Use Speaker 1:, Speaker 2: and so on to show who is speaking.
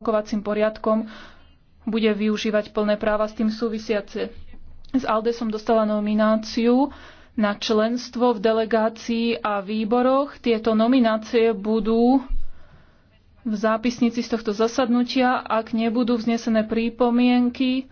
Speaker 1: rokovacím poriadkom bude využívať plné práva s tým súvisiace. Z ALDE som dostala nomináciu na členstvo v delegácii a výboroch. Tieto nominácie budú v zápisnici z tohto zasadnutia. Ak nebudú vznesené prípomienky,